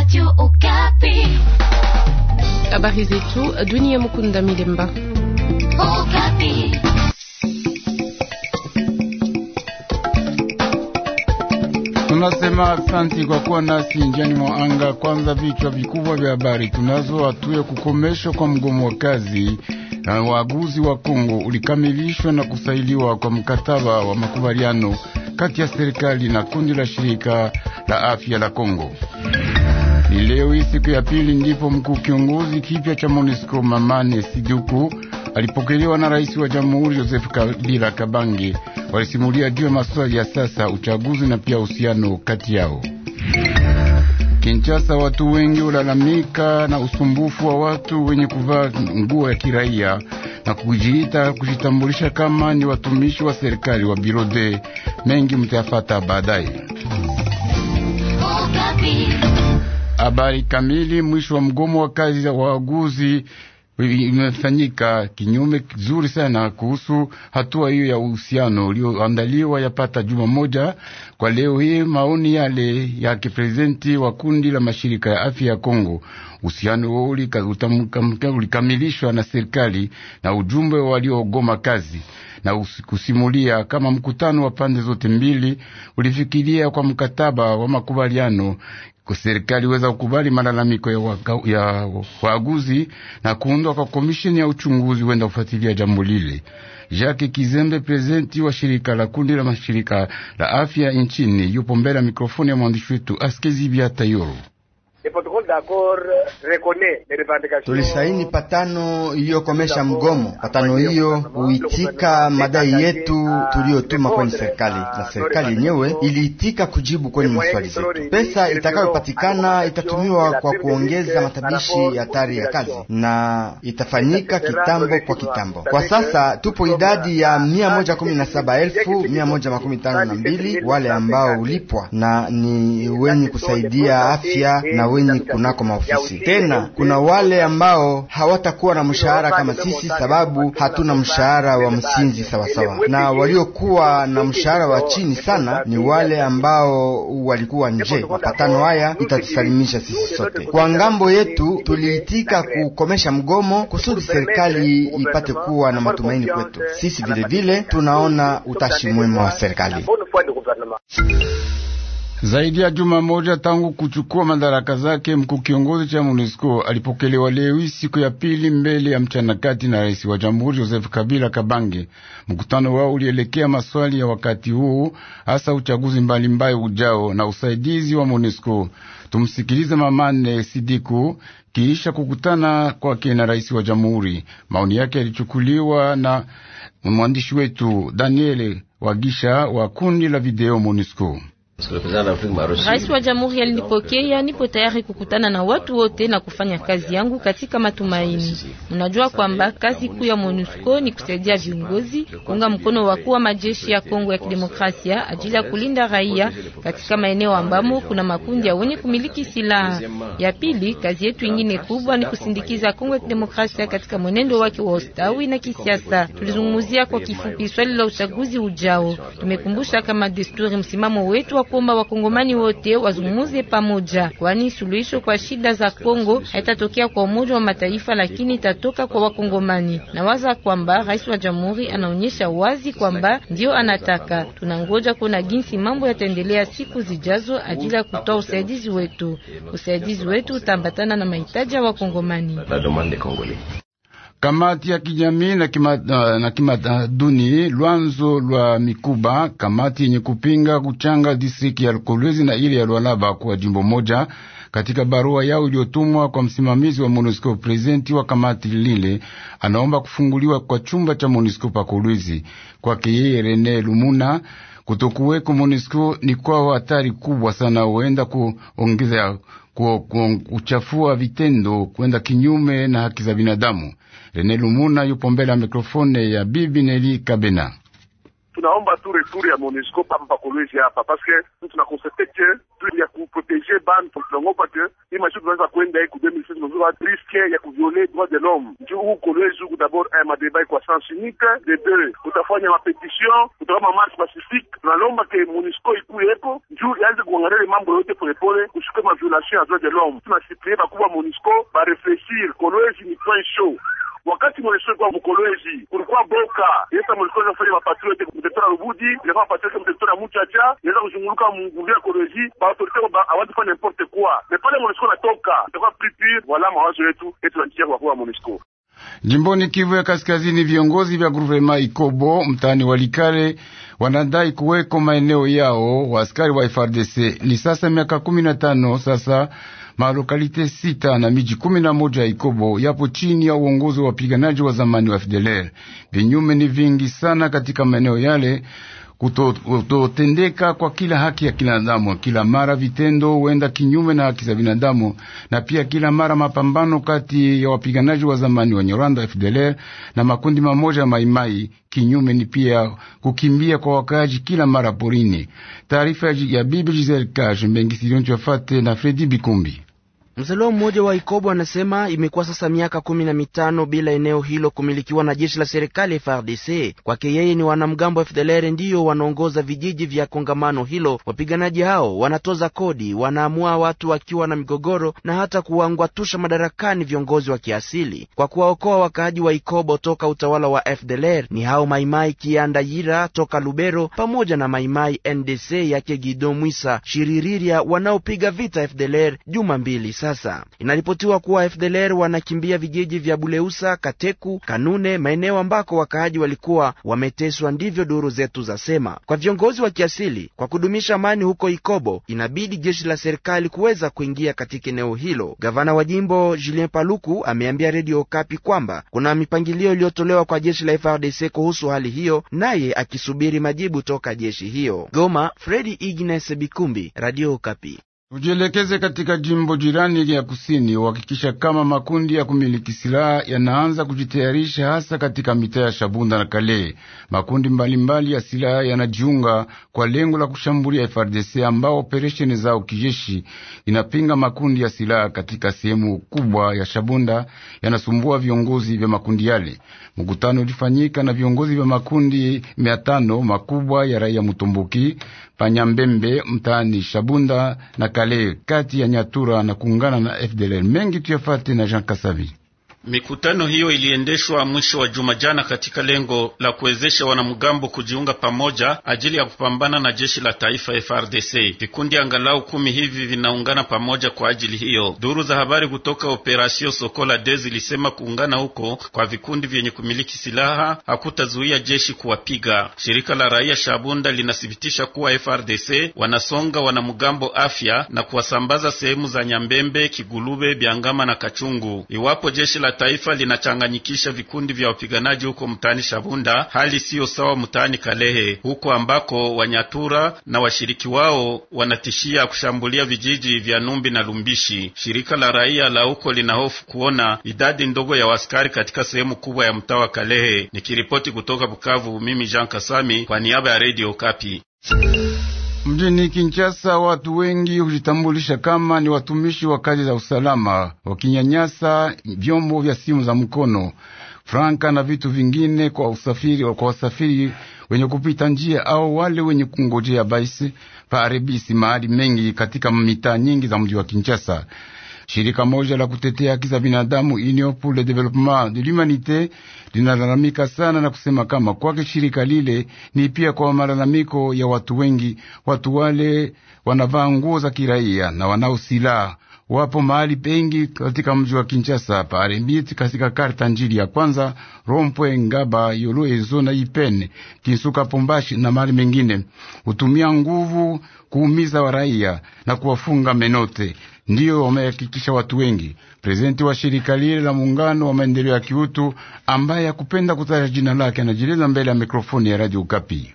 Radio Okapi. Habari zetu dunia, Mukunda Milemba. Okapi. Tunasema asanti kwa kuwa nasi njiani mwa anga. Kwanza vichwa vikubwa vya habari tunazo. Hatuye kukomeshwa kwa mgomo wa kazi waaguzi wa Kongo ulikamilishwa na kusailiwa kwa mkataba wa makubaliano kati ya serikali na kundi la shirika la afya la Kongo. Leo hii siku ya pili ndipo mkuu kiongozi kipya cha MONUSCO Mamane siduku alipokelewa na rais wa jamhuri Joseph Kabila Kabange. Walisimulia juu ya maswali ya sasa, uchaguzi na pia uhusiano kati yao. Kinshasa, watu wengi ulalamika na usumbufu wa watu wenye kuvaa nguo ya kiraia na kujiita kujitambulisha kama ni watumishi wa serikali wa birode. Mengi mtayafata baadaye. Oh, Habari kamili. Mwisho wa mgomo wa kazi za waaguzi imefanyika kinyume kizuri sana kuhusu hatua hiyo ya uhusiano ulioandaliwa yapata juma moja. Kwa leo hii maoni yale ya kiprezidenti wa kundi la mashirika ya afya ya Kongo. Uhusiano huo ulikamilishwa na serikali na ujumbe waliogoma kazi na kusimulia kama mkutano wa pande zote mbili ulifikiria kwa mkataba wa makubaliano. Serikali weza kukubali malalamiko ya waguzi na kuundwa kwa komisheni ya uchunguzi wenda kufuatilia jambo lile. Jacques Kizembe, prezidenti wa shirika la kundi la mashirika la afya nchini, yupo mbele ya mikrofoni ya mwandishi wetu Askezi Biatayoro tulisaini patano iliyokomesha mgomo. Patano hiyo huitika madai yetu tuliyotuma kwenye serikali, na serikali yenyewe iliitika kujibu kwenye maswali zetu. Pesa itakayopatikana itatumiwa kwa kuongeza matabishi ya hatari ya kazi na itafanyika kitambo kwa kitambo. Kwa sasa tupo idadi ya mia moja kumi na saba elfu mia moja makumi tano na mbili wale ambao ulipwa na ni wenye kusaidia afya na wenye kunako maofisi. Tena kuna wale ambao hawatakuwa na mshahara kama sisi, sababu hatuna mshahara wa msingi sawasawa, na waliokuwa na mshahara wa chini sana ni wale ambao walikuwa nje. Mapatano haya itatusalimisha sisi sote. Kwa ngambo yetu, tuliitika kukomesha mgomo kusudi serikali ipate kuwa na matumaini kwetu sisi. Vilevile tunaona utashi mwema wa serikali. Zaidi ya juma moja tangu kuchukua madaraka zake, mkuu kiongozi cha MONUSCO alipokelewa leo siku ya pili mbele ya mchana kati na rais wa jamhuri Joseph Kabila Kabange. Mkutano wao ulielekea maswali ya wakati huu, hasa uchaguzi mbalimbali ujao na usaidizi wa MONUSCO. Tumsikilize Mamane Sidiku kiisha kukutana kwake na rais wa jamhuri. Maoni yake yalichukuliwa na mwandishi wetu Daniele Wagisha wa kundi la video MONUSCO. Rais wa jamhuri alinipokea, euh, nipo tayari kukutana na watu wote na kufanya kazi yangu katika matumaini. Unajua kwamba kazi kuu ya MONUSCO ni kusaidia viongozi, kuunga mkono wakuu wa majeshi ya Kongo ya Kidemokrasia ajili ya kulinda raia katika maeneo ambamo kuna makundi ya wenye kumiliki silaha. Ya pili, kazi yetu ingine kubwa ni kusindikiza Kongo ya Kidemokrasia katika mwenendo wake wa ustawi na kisiasa. Tulizungumzia kwa kifupi swali la uchaguzi ujao. Tumekumbusha kama desturi msimamo wetu wa kwamba wakongomani wote wazungumuze pamoja, kwani suluhisho kwa shida za Kongo haitatokea kwa Umoja wa Mataifa, lakini itatoka kwa wakongomani. Nawaza kwamba rais wa jamhuri anaonyesha wazi kwamba ndio anataka. Tunangoja kuona jinsi mambo yataendelea siku zijazo ajili ya kutoa usaidizi wetu. Usaidizi wetu utaambatana na mahitaji ya wakongomani. Kamati ya kijamii na kima, na kima, lwanzo lwa mikuba kamati yenye kupinga kuchanga distriki ya Kolwezi na ile ya Lwalaba kuwa jimbo moja. Katika barua yao iliyotumwa kwa msimamizi wa MONUSCO, prezidenti wa kamati lile anaomba kufunguliwa kwa chumba cha MONUSCO pa Kolwezi. Kwake yeye Rene Lumuna, kutokuweko MONUSCO ni kwao hatari kubwa sana, huenda kuongeza kuchafua vitendo kwenda kinyume na haki za binadamu. Rene Lumuna yupo mbele ya mikrofone ya Bibi Neli Kabena tunaomba tu retour ya Monisco papa pakolwezi hapa paske tunakonstate ke tu ya kuproteje bantu tunaogopa ke hii maisha tunaweza kwenda ku riske ya kuviole droit de l'homme nju huku kolwezi huku dabord aya madeba kwa sens unique de deux utafanya mapetition utakama marche pacifique que monusco iku ikuyeko nju ianze kuangalia mambo yote polepole kushika ma violation ya droit de l'homme tunasiplie bakubwa Monisco bareflexir kolwezi ni point show wakati MONUSCO ilikuwa mkolwezi, kulikuwa Boka yesa MONUSCO inaweza kufanya mapatrio yake mtetora Rubudi, inafanya mapatrio yake mtetora Muchacha, yesa kuzunguluka mgumbia Kolwezi, baautorite hawezi kufanya importe kwa na pale MONUSCO natoka itakuwa pripir. Wala mawazo yetu yetu nakia kwa kuwa MONUSCO Jimboni Kivu ya Kaskazini, viongozi vya guvernema Ikobo mtaani Walikale wanadai kuweko maeneo yao wa askari wa FRDC. Ni sasa miaka kumi na tano sasa Malokalite sita na miji kumi na moja ya Ikobo yapo chini ya uongozi wa wapiganaji wa zamani wa FDLR. Vinyume ni vingi sana katika maeneo yale kutotendeka kwa kila haki ya kinadamu Kila mara vitendo huenda kinyume na haki za binadamu, na pia kila mara mapambano kati ya wapiganaji wa zamani wa Rwanda FDLR na makundi mamoja maimai. Kinyume ni pia kukimbia kwa wakaaji kila mara porini. Taarifa ya Bibi Giselle Kaje Mbengi Sidoncho na Fredi Bikumbi. Mzaliwa mmoja wa Ikobo anasema imekuwa sasa miaka kumi na mitano bila eneo hilo kumilikiwa na jeshi la serikali FARDC. Kwake yeye ni wanamgambo wa FDLR ndiyo wanaongoza vijiji vya kongamano hilo. Wapiganaji hao wanatoza kodi, wanaamua watu wakiwa na migogoro na hata kuwangwatusha madarakani viongozi wa kiasili. Kwa kuwaokoa wakaaji wa Ikobo toka utawala wa FDLR ni hao Maimai Kiandayira toka Lubero pamoja na Maimai NDC yake Gido Mwisa Shiririria wanaopiga vita FDLR juma mbili sasa. Inaripotiwa kuwa FDLR wanakimbia vijiji vya Buleusa, Kateku, Kanune, maeneo ambako wakaaji walikuwa wameteswa, ndivyo duru zetu zasema. Kwa viongozi wa kiasili, kwa kudumisha amani huko Ikobo, inabidi jeshi la serikali kuweza kuingia katika eneo hilo. Gavana wa jimbo Julien Paluku ameambia Redio Okapi kwamba kuna mipangilio iliyotolewa kwa jeshi la FRDC kuhusu hali hiyo, naye akisubiri majibu toka jeshi hiyo. Goma, Fredi Ignace Bikumbi, Radio Okapi. Tujielekeze katika jimbo jirani ya kusini, uhakikisha kama makundi ya kumiliki silaha yanaanza kujitayarisha, hasa katika mitaa ya Shabunda na Kale. Makundi mbalimbali mbali ya silaha yanajiunga kwa lengo la kushambulia FRDC ambao operesheni zao kijeshi inapinga makundi ya silaha katika sehemu kubwa ya Shabunda, yanasumbua viongozi vya makundi yale. Mkutano ulifanyika na viongozi vya makundi mia tano makubwa ya raia Mutumbuki, Panyambembe, mtaani Shabunda na Kale. Kale kati ya Nyatura na kuungana na FDLR. Mengi tuyafate na Jean kasavi Mikutano hiyo iliendeshwa mwisho wa juma jana katika lengo la kuwezesha wanamgambo kujiunga pamoja ajili ya kupambana na jeshi la taifa FRDC. Vikundi angalau kumi hivi vinaungana pamoja kwa ajili hiyo. Duru za habari kutoka operasio Sokola de zilisema kuungana huko kwa vikundi vyenye kumiliki silaha hakutazuia jeshi kuwapiga. Shirika la raia Shabunda linathibitisha kuwa FRDC wanasonga wanamgambo afya na kuwasambaza sehemu za Nyambembe, Kigulube, Byangama na Kachungu. Iwapo jeshi la la taifa linachanganyikisha vikundi vya wapiganaji huko mtaani Shabunda, hali siyo sawa mtaani Kalehe, huko ambako Wanyatura na washiriki wao wanatishia kushambulia vijiji vya Numbi na Lumbishi. Shirika la raia la huko linahofu kuona idadi ndogo ya waskari katika sehemu kubwa ya mtaa wa Kalehe. Nikiripoti kutoka Bukavu, mimi Jean Kasami kwa niaba ya Radio Kapi. Mjini Kinshasa watu wengi hujitambulisha kama ni watumishi wa kazi za usalama, wakinyanyasa vyombo vya simu za mkono, franka na vitu vingine kwa usafiri, kwa wasafiri wenye kupita njia au wale wenye kungojea baisi paaribisi mahali mengi katika mitaa nyingi za mji wa Kinshasa. Shirika moja la kutetea haki za binadamu Union pour le de l'Humanité linalalamika sana na kusema kama kwake shirika lile ni pia kwa malalamiko ya watu wengi. Watu wale wanavaa nguo za kiraia na wanao silaha Wapo mahali pengi katika mji wa Kinshasa, Parembiti, katika karta njili ya kwanza, Rompwe, Ngaba, Yoloezo na Ipene, Kinsuka, Pombashi na mahali mengine. Hutumia nguvu kuumiza waraia na kuwafunga menote, ndiyo wamehakikisha watu wengi. Prezidenti wa shirika lile la muungano wa maendeleo ya kiutu ambaye hakupenda kutaja jina lake anajieleza mbele ya mikrofoni ya Radio Kapi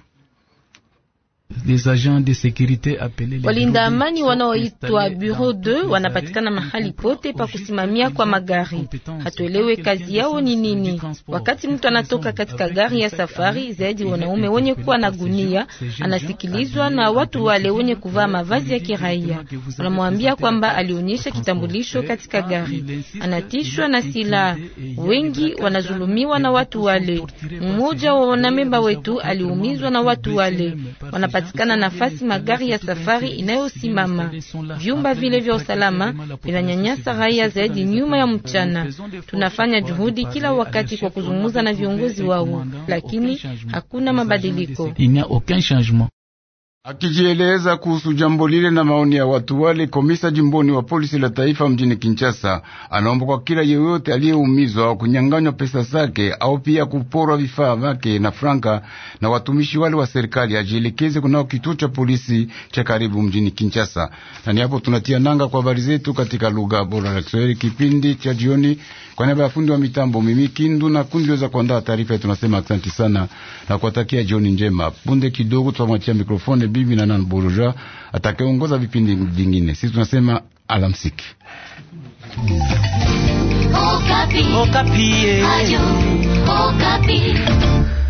des agents de appelés walinda amani wanaoitwa bureau 2 wanapatikana mahali pote pa kusimamia kwa magari. Hatuelewe kazi yao ni nini. Wakati mtu anatoka katika gari ya safari, zaidi wanaume wenye kuwa na gunia, anasikilizwa na watu wale wenye kuvaa mavazi ya kiraia. Wanamwambia kwamba alionyesha kitambulisho katika gari, anatishwa na silaha. Wengi wanazulumiwa na watu wale. Mmoja wa wanamemba wetu aliumizwa na watu wale. Wanapata kupatikana nafasi magari ya safari inayosimama. Vyumba vile vya usalama vinanyanyasa raia zaidi nyuma ya mchana. Tunafanya juhudi kila wakati kwa kuzungumza na viongozi wao, lakini hakuna mabadiliko. Akijieleza kuhusu jambo lile na maoni ya watu wale, komisa jimboni wa polisi la taifa mjini Kinshasa anaomba kwa kila yeyote aliyeumizwa kunyang'anywa pesa zake au pia kuporwa vifaa vyake na franka na watumishi wale wa serikali ajielekeze kunao kituo cha polisi cha karibu mjini Kinshasa. Na ni hapo tunatia nanga kwa habari zetu katika lugha bora ya Kiswahili kipindi cha jioni. Kwa niaba ya fundi wa mitambo mimi Kindu na kundi za kuandaa taarifa tunasema asante sana na kuwatakia jioni njema. Punde kidogo tutamwachia mikrofoni Bibi na Nan Bourgeois atakayeongoza vipindi vingine. Sisi tunasema alamsiki. Okapi. Okapi. Eh.